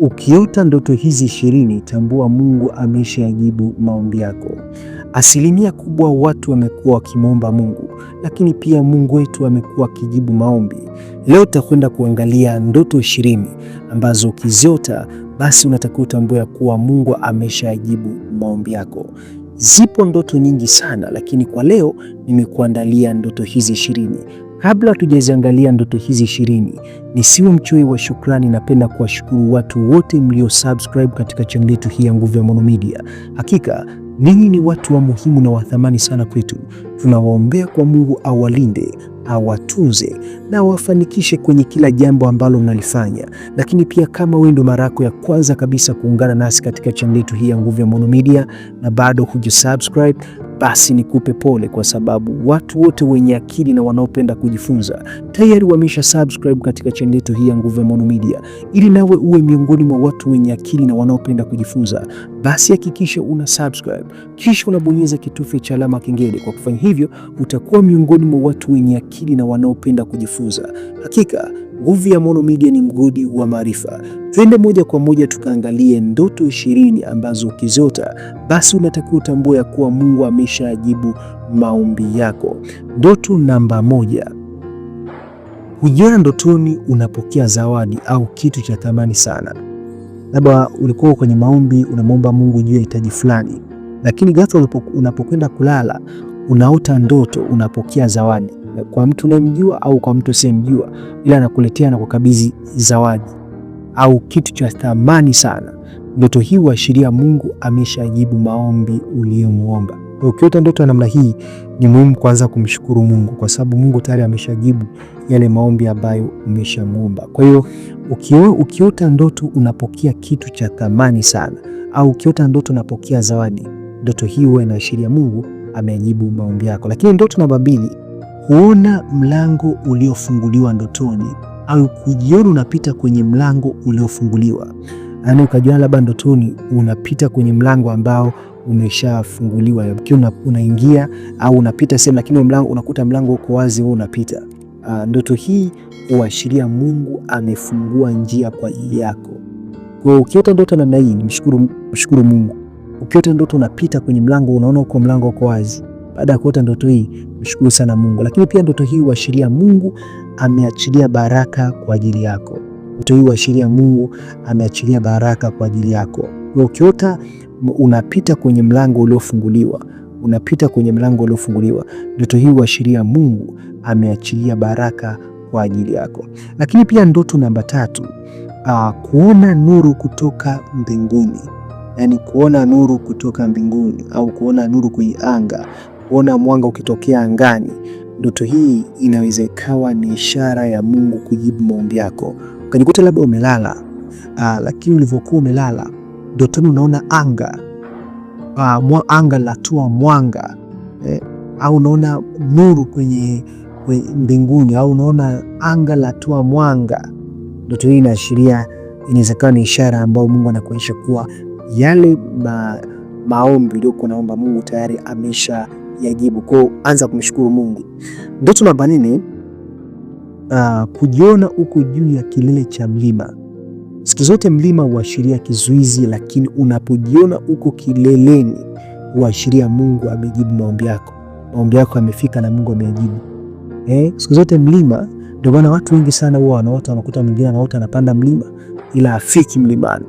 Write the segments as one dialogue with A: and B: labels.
A: Ukiota ndoto hizi ishirini, tambua Mungu ameshayajibu maombi yako. Asilimia kubwa watu wamekuwa wakimwomba Mungu, lakini pia Mungu wetu amekuwa akijibu maombi. Leo tutakwenda kuangalia ndoto ishirini ambazo ukiziota basi unatakiwa utambue kuwa Mungu ameshayajibu maombi yako. Zipo ndoto nyingi sana, lakini kwa leo nimekuandalia ndoto hizi ishirini. Kabla tujaziangalia ndoto hizi ishirini, nisiwe mchoi wa shukrani. Napenda kuwashukuru watu wote mlio subscribe katika channel yetu hii ya Nguvu ya Maono Media. Hakika ninyi ni watu wa muhimu na wathamani sana kwetu. Tunawaombea kwa Mungu awalinde, awatunze na wafanikishe kwenye kila jambo ambalo mnalifanya. Lakini pia kama wewe ndo mara yako ya kwanza kabisa kuungana nasi katika channel yetu hii ya Nguvu ya Maono Media na bado hujasubscribe basi nikupe pole, kwa sababu watu wote wenye akili na wanaopenda kujifunza tayari wamesha subscribe katika channel yetu hii ya Nguvu ya Maono Media. Ili nawe uwe miongoni mwa watu wenye akili na wanaopenda kujifunza, basi hakikisha una subscribe kisha unabonyeza kitufe cha alama kengele. Kwa kufanya hivyo, utakuwa miongoni mwa watu wenye akili na wanaopenda kujifunza. Hakika Nguvu ya Maono Media ni mgodi wa maarifa. Twende moja kwa moja tukaangalie ndoto ishirini ambazo ukiziota basi unatakiwa utambue ya kuwa Mungu ameshajibu maombi yako. Ndoto namba moja: hujiona ndotoni unapokea zawadi au kitu cha thamani sana. Labda ulikuwa kwenye maombi unamwomba Mungu juu ya hitaji fulani, lakini ghafla unapokwenda kulala unaota ndoto unapokea zawadi kwa mtu unayemjua au kwa mtu usiyemjua, ila anakuletea na kukabidhi zawadi au kitu cha thamani sana. Ndoto hii huashiria Mungu ameshajibu maombi uliyomuomba. Ukiota ndoto ya namna hii, ni muhimu kwanza kumshukuru Mungu kwa sababu Mungu tayari ameshajibu yale maombi ambayo umeshamuomba. Kwa hiyo ukiota ndoto unapokea kitu cha thamani sana, au ukiota ndoto unapokea zawadi, ndoto hii huwa inaashiria Mungu amejibu maombi yako. Lakini ndoto namba mbili kuona mlango uliofunguliwa ndotoni au kujiona unapita kwenye mlango uliofunguliwa, yaani ukajiona labda ndotoni unapita kwenye mlango ambao umeshafunguliwa, ukiwa unaingia au unapita sehemu, lakini mlango unakuta mlango uko wazi, wewe unapita. Ah, ndoto hii huashiria Mungu amefungua njia kwa ajili yako. Kwa hiyo ukiota ndoto namna hii, mshukuru Mungu. Ukiota ndoto unapita kwenye mlango, unaona uko mlango uko wazi baada ya kuota ndoto hii, mshukuru sana Mungu. Lakini pia ndoto hii huashiria Mungu ameachilia baraka kwa ajili yako. Ndoto hii huashiria Mungu ameachilia baraka kwa ajili yako. Ukiota unapita kwenye mlango uliofunguliwa unapita kwenye mlango uliofunguliwa. Ndoto hii huashiria Mungu ameachilia baraka kwa ajili yako. Lakini pia ndoto namba tatu, uh, kuona nuru kutoka mbinguni, yaani kuona nuru kutoka mbinguni au kuona nuru kwenye anga kuona mwanga ukitokea angani. Ndoto hii inaweza ikawa ni ishara ya Mungu kujibu maombi yako. Ukajikuta labda umelala aa, ah, lakini ulivyokuwa umelala ndotoni unaona anga aa, ah, mwa, anga latua mwanga eh, au unaona nuru kwenye mbinguni au unaona anga latua mwanga. Ndoto hii inaashiria, kuwa ni ishara ambayo Mungu anakuonyesha kuwa yale ma, maombi uliokuwa naomba Mungu tayari amesha ya jibu. Kwa anza kumshukuru Mungu. Ndoto namba nini? uh, ah, kujiona uko juu ya kilele cha mlima. Siku zote mlima huashiria kizuizi, lakini unapojiona uko kileleni huashiria Mungu amejibu maombi yako, maombi yako amefika na Mungu amejibu. Eh, siku zote mlima, ndio maana watu wengi sana huwa wanaota, wanakuta mwingine anaota anapanda mlima ila afiki mlimani.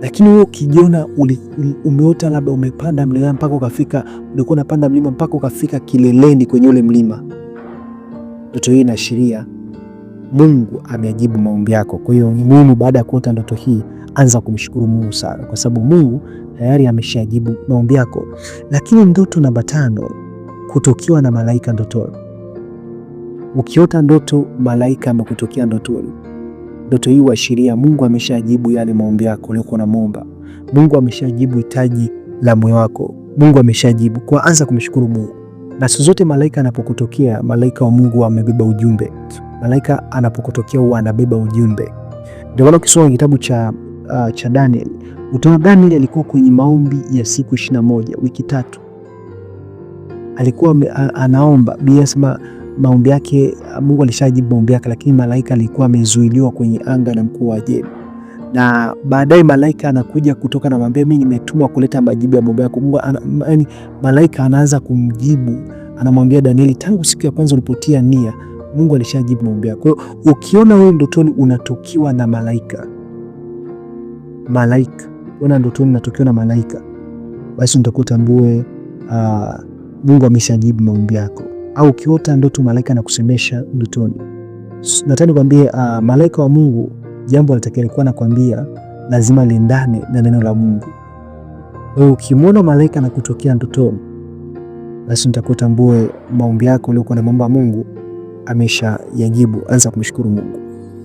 A: Lakini wewe ukijiona umeota labda umepanda mlima mpaka ukafika, ulikuwa unapanda mlima mpaka ukafika kileleni kwenye ule mlima, ndoto hii inaashiria Mungu ameajibu maombi yako. Kwa hiyo ni muhimu baada ya kuota ndoto hii, anza kumshukuru Mungu sana, kwa sababu Mungu tayari ameshajibu maombi yako. Lakini ndoto namba tano, kutokiwa na malaika ndotoni. Ukiota ndoto malaika amekutokea ndotoni Ndoto hii huashiria Mungu ameshajibu yale maombi yako uliokuwa unamwomba. Mungu ameshajibu hitaji la moyo wako. Mungu ameshajibu kwa, anza kumshukuru Mungu. Na siku zote malaika anapokutokea, malaika wa Mungu amebeba ujumbe. Malaika anapokutokea huwa anabeba ujumbe. Ndio maana ukisoma kitabu cha, uh, cha Daniel utaona Daniel alikuwa kwenye maombi ya siku 21 wiki tatu, alikuwa anaomba. Biblia inasema maombi yake, Mungu alishajibu maombi yake, lakini malaika alikuwa amezuiliwa kwenye anga na mkuu wa ajabu. Na baadaye malaika anakuja kutoka na mwambia, mimi nimetumwa kuleta majibu ya maombi yako. Mungu yani, malaika anaanza kumjibu, anamwambia Danieli, tangu siku ya kwanza ulipotia nia, Mungu alishajibu maombi yako. Kwa hiyo ukiona wewe ndotoni unatokiwa na malaika malaika ona ndotoni natokiwa na malaika, basi utakutambue uh, ah, Mungu ameshajibu maombi yako au ukiota ndoto malaika na kusemesha ndotoni, nataka nikwambie uh, malaika wa Mungu jambo na kwambia lazima liendane na neno la Mungu. Wewe ukimwona malaika na kutokea ndotoni, basi nitakutambue maombi yako uliokuwa na Mungu amesha yajibu. Anza kumshukuru Mungu.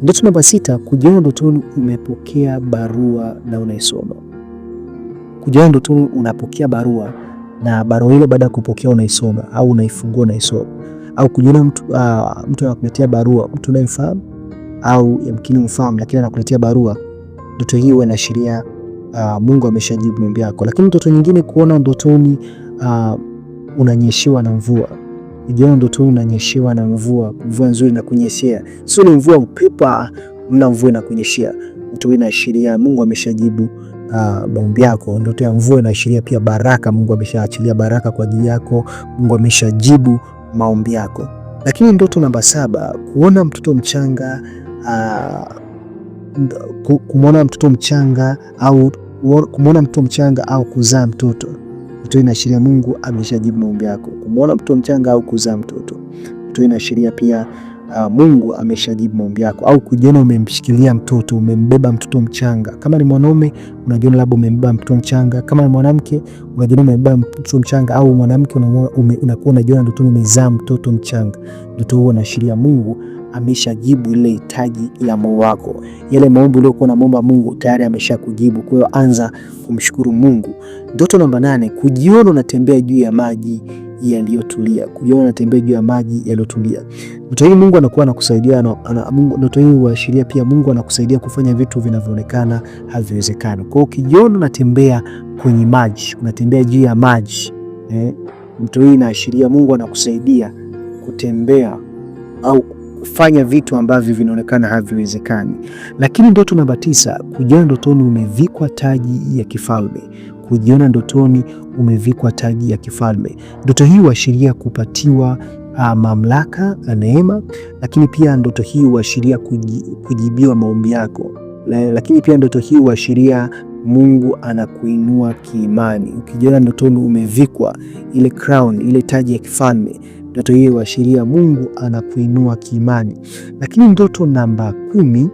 A: Ndoto namba sita, kujiona ndotoni umepokea barua na unaisoma. Kujiona ndotoni unapokea barua na barua hilo baada ya kupokea unaisoma au unaifungua unaisoma au kujiona mtu, uh, mtu anakuletea barua, mtu unayemfahamu au yamkini mfahamu lakini anakuletea barua. Ndoto hiyo inaashiria uh, Mungu ameshajibu maombi yako. Lakini ndoto nyingine kuona ndotoni uh, unanyeshewa na mvua Ijiona ndotoni unanyeshewa na mvua, mvua nzuri na kunyeshea, sio ni mvua upepa, mna mvua na kunyeshea. mtu inaashiria Mungu ameshajibu uh, maombi yako. Ndoto ya mvua inaashiria pia baraka. Mungu ameshaachilia baraka kwa ajili yako. Mungu ameshajibu maombi yako. Lakini ndoto namba saba, kuona mtoto mchanga uh, kumwona mtoto mchanga au kumwona mtoto mchanga au kuzaa mtoto. Ndoto inaashiria Mungu ameshajibu maombi yako. Kumwona mtoto mchanga au kuzaa mtoto, ndoto inaashiria pia uh, Mungu ameshajibu maombi yako, au kujiona umemshikilia mtoto, umembeba mtoto mchanga. Kama ni mwanaume unajiona labda umembeba mtoto mchanga, kama ni mwanamke unajiona umembeba mtoto mchanga, au mwanamke unakuwa unajiona ndotoni umezaa mtoto mchanga, ndoto huo unaashiria Mungu ameshajibu ile hitaji la moyo wako, yale maombi uliokuwa unamwomba Mungu tayari ameshakujibu. Kwa hiyo anza kumshukuru Mungu. Ndoto namba nane, kujiona unatembea juu ya maji yaliyotulia, kujiona unatembea juu ya maji yaliyotulia. Ndoto hii Mungu anakuwa anakusaidia, ndoto hii huashiria pia Mungu anakusaidia kufanya vitu vinavyoonekana haviwezekani. Kwa hiyo ukijiona unatembea kwenye maji, unatembea juu ya maji eh, ndoto hii inaashiria Mungu anakusaidia kutembea au kufanya vitu ambavyo vinaonekana haviwezekani. Lakini ndoto namba tisa, kujana ndotoni umevikwa taji ya kifalme kujiona ndotoni umevikwa taji ya kifalme. Ndoto hii huashiria kupatiwa a, ah, mamlaka na neema, lakini pia ndoto hii huashiria kujibiwa maombi yako, lakini pia ndoto hii huashiria Mungu anakuinua kiimani. Ukijiona ndotoni umevikwa ile crown, ile taji ya kifalme, ndoto hii huashiria Mungu anakuinua kiimani. Lakini ndoto namba kumi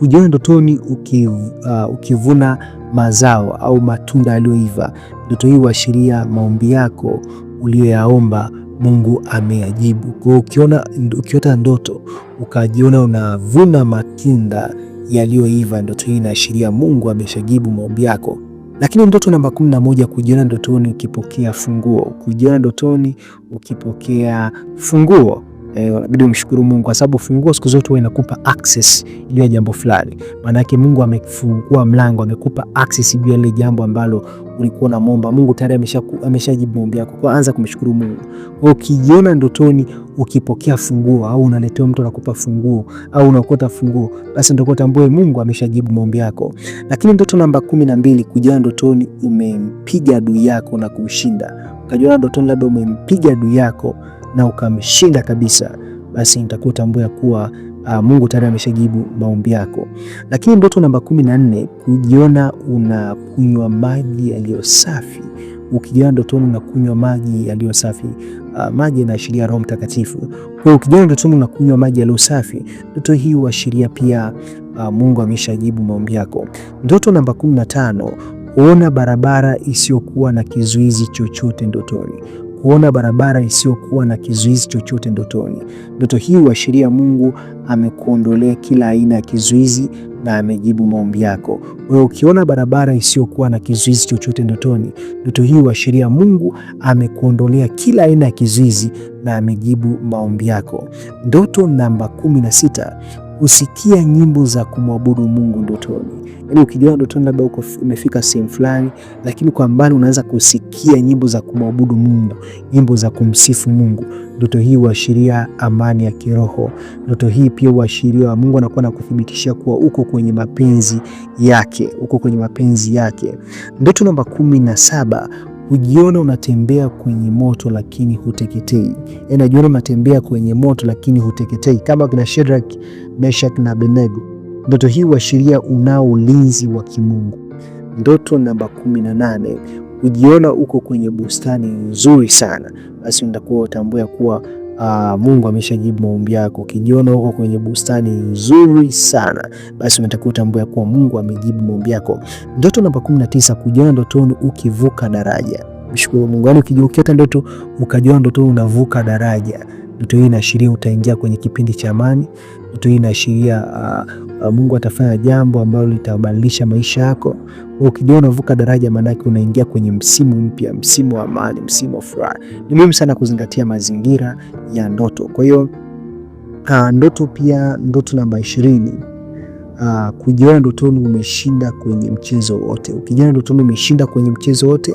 A: hujawa ndotoni ukiv, uh, ukivuna mazao au matunda yaliyoiva. Ndoto hii huashiria maombi yako uliyoyaomba Mungu ameyajibu. Kwa ukiona ukiota ndoto ukajiona unavuna matunda yaliyoiva, ndoto hii inaashiria Mungu ameshajibu maombi yako. Lakini ndoto namba kumi na moja, kujiona ndotoni ukipokea funguo. Kujiona ndotoni ukipokea funguo Eh, unabidi umshukuru Mungu kwa sababu funguo siku zote huwa inakupa access juu ya jambo fulani. Maana yake Mungu amefungua mlango, amekupa access juu ya ile jambo ambalo ulikuwa unamwomba Mungu, tayari ameshajibu maombi yako. Kwa anza kumshukuru Mungu. Kwa ukijiona ndotoni ukipokea funguo au unaletewa mtu anakupa funguo au unakota funguo, basi ndio utambue Mungu ameshajibu maombi yako. Lakini ndoto namba kumi na mbili, kujiona ndotoni umempiga adui yako na kumshinda. Ukajiona ndotoni labda umempiga adui yako na ukamshinda kabisa, basi nitakutambua kuwa uh, Mungu tayari ameshajibu maombi yako. Lakini ndoto namba kumi na nne, kujiona unakunywa maji yaliyo safi Ukijiona ndotoni unakunywa maji yaliyo safi. Uh, maji yanaashiria Roho Mtakatifu. Kwa ukijiona ndotoni unakunywa maji yaliyo safi, ndoto hii huashiria pia uh, Mungu ameshajibu maombi yako. Ndoto namba 15, kuona barabara isiyokuwa na kizuizi chochote ndotoni kuona barabara isiyokuwa na kizuizi chochote ndotoni. Ndoto hii huashiria Mungu amekuondolea kila aina ya kizuizi na amejibu maombi yako. Wewe ukiona barabara isiyokuwa na kizuizi chochote ndotoni, ndoto hii huashiria Mungu amekuondolea kila aina ya kizuizi na amejibu maombi yako. Ndoto namba kumi na sita husikia nyimbo za kumwabudu Mungu ndotoni. Yaani ukijiona ndotoni labda uko umefika sehemu fulani, lakini kwa mbali unaweza kusikia nyimbo za kumwabudu Mungu, nyimbo za kumsifu Mungu. Ndoto hii huashiria amani ya kiroho. Ndoto hii pia huashiria Mungu anakuwa anakuthibitishia kuwa uko kwenye mapenzi yake, uko kwenye mapenzi yake. Ndoto namba kumi na saba hujiona unatembea kwenye moto lakini huteketei, yaani najiona unatembea kwenye moto lakini huteketei kama kina Shadrach, Meshach na Abednego. Ndoto hii huashiria unao ulinzi wa kimungu. Ndoto namba kumi na nane hujiona uko kwenye bustani nzuri sana, basi utakuwa utambua kuwa uh, Mungu ameshajibu maombi yako. Ukijiona uko kwenye bustani nzuri sana, basi unatakiwa utambue kuwa Mungu amejibu maombi yako. Ndoto namba 19, kujiona ndotoni ukivuka daraja. Mshukuru Mungu. Yani ukijioketa ndoto ukajiona ndotoni unavuka daraja, ndoto hii inaashiria utaingia kwenye kipindi cha amani ndoto hii inaashiria uh, uh, Mungu atafanya jambo ambalo litabadilisha maisha yako. Ukijua unavuka daraja, maanake unaingia kwenye msimu mpya, msimu wa amani, msimu wa furaha. Ni muhimu sana kuzingatia mazingira ya ndoto. Kwa hiyo uh, ndoto pia, ndoto namba ishirini Uh, kujiona ndotoni umeshinda kwenye mchezo wote. Ukijiona ndotoni umeshinda kwenye mchezo wote,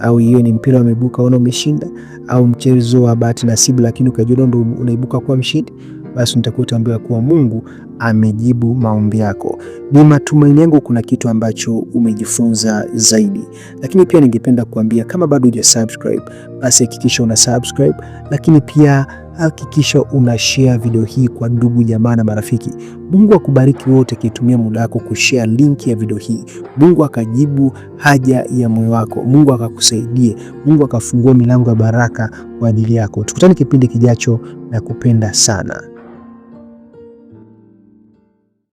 A: au hiyo ni mpira wa meibuka, unaona umeshinda, au mchezo wa bahati nasibu, lakini ukajiona ndo unaibuka kuwa mshindi, basi nitakuwa utaambiwa kuwa Mungu amejibu maombi yako. Ni matumaini yangu kuna kitu ambacho umejifunza zaidi, lakini pia ningependa kuambia kama bado huja subscribe, basi hakikisha una subscribe, lakini pia hakikisha una share video hii kwa ndugu jamaa na marafiki. Mungu akubariki wote akitumia muda wako kushare link ya video hii. Mungu akajibu haja ya moyo wako, Mungu akakusaidie, Mungu akafungua milango ya baraka kwa ajili yako. Tukutane kipindi kijacho, na kupenda sana.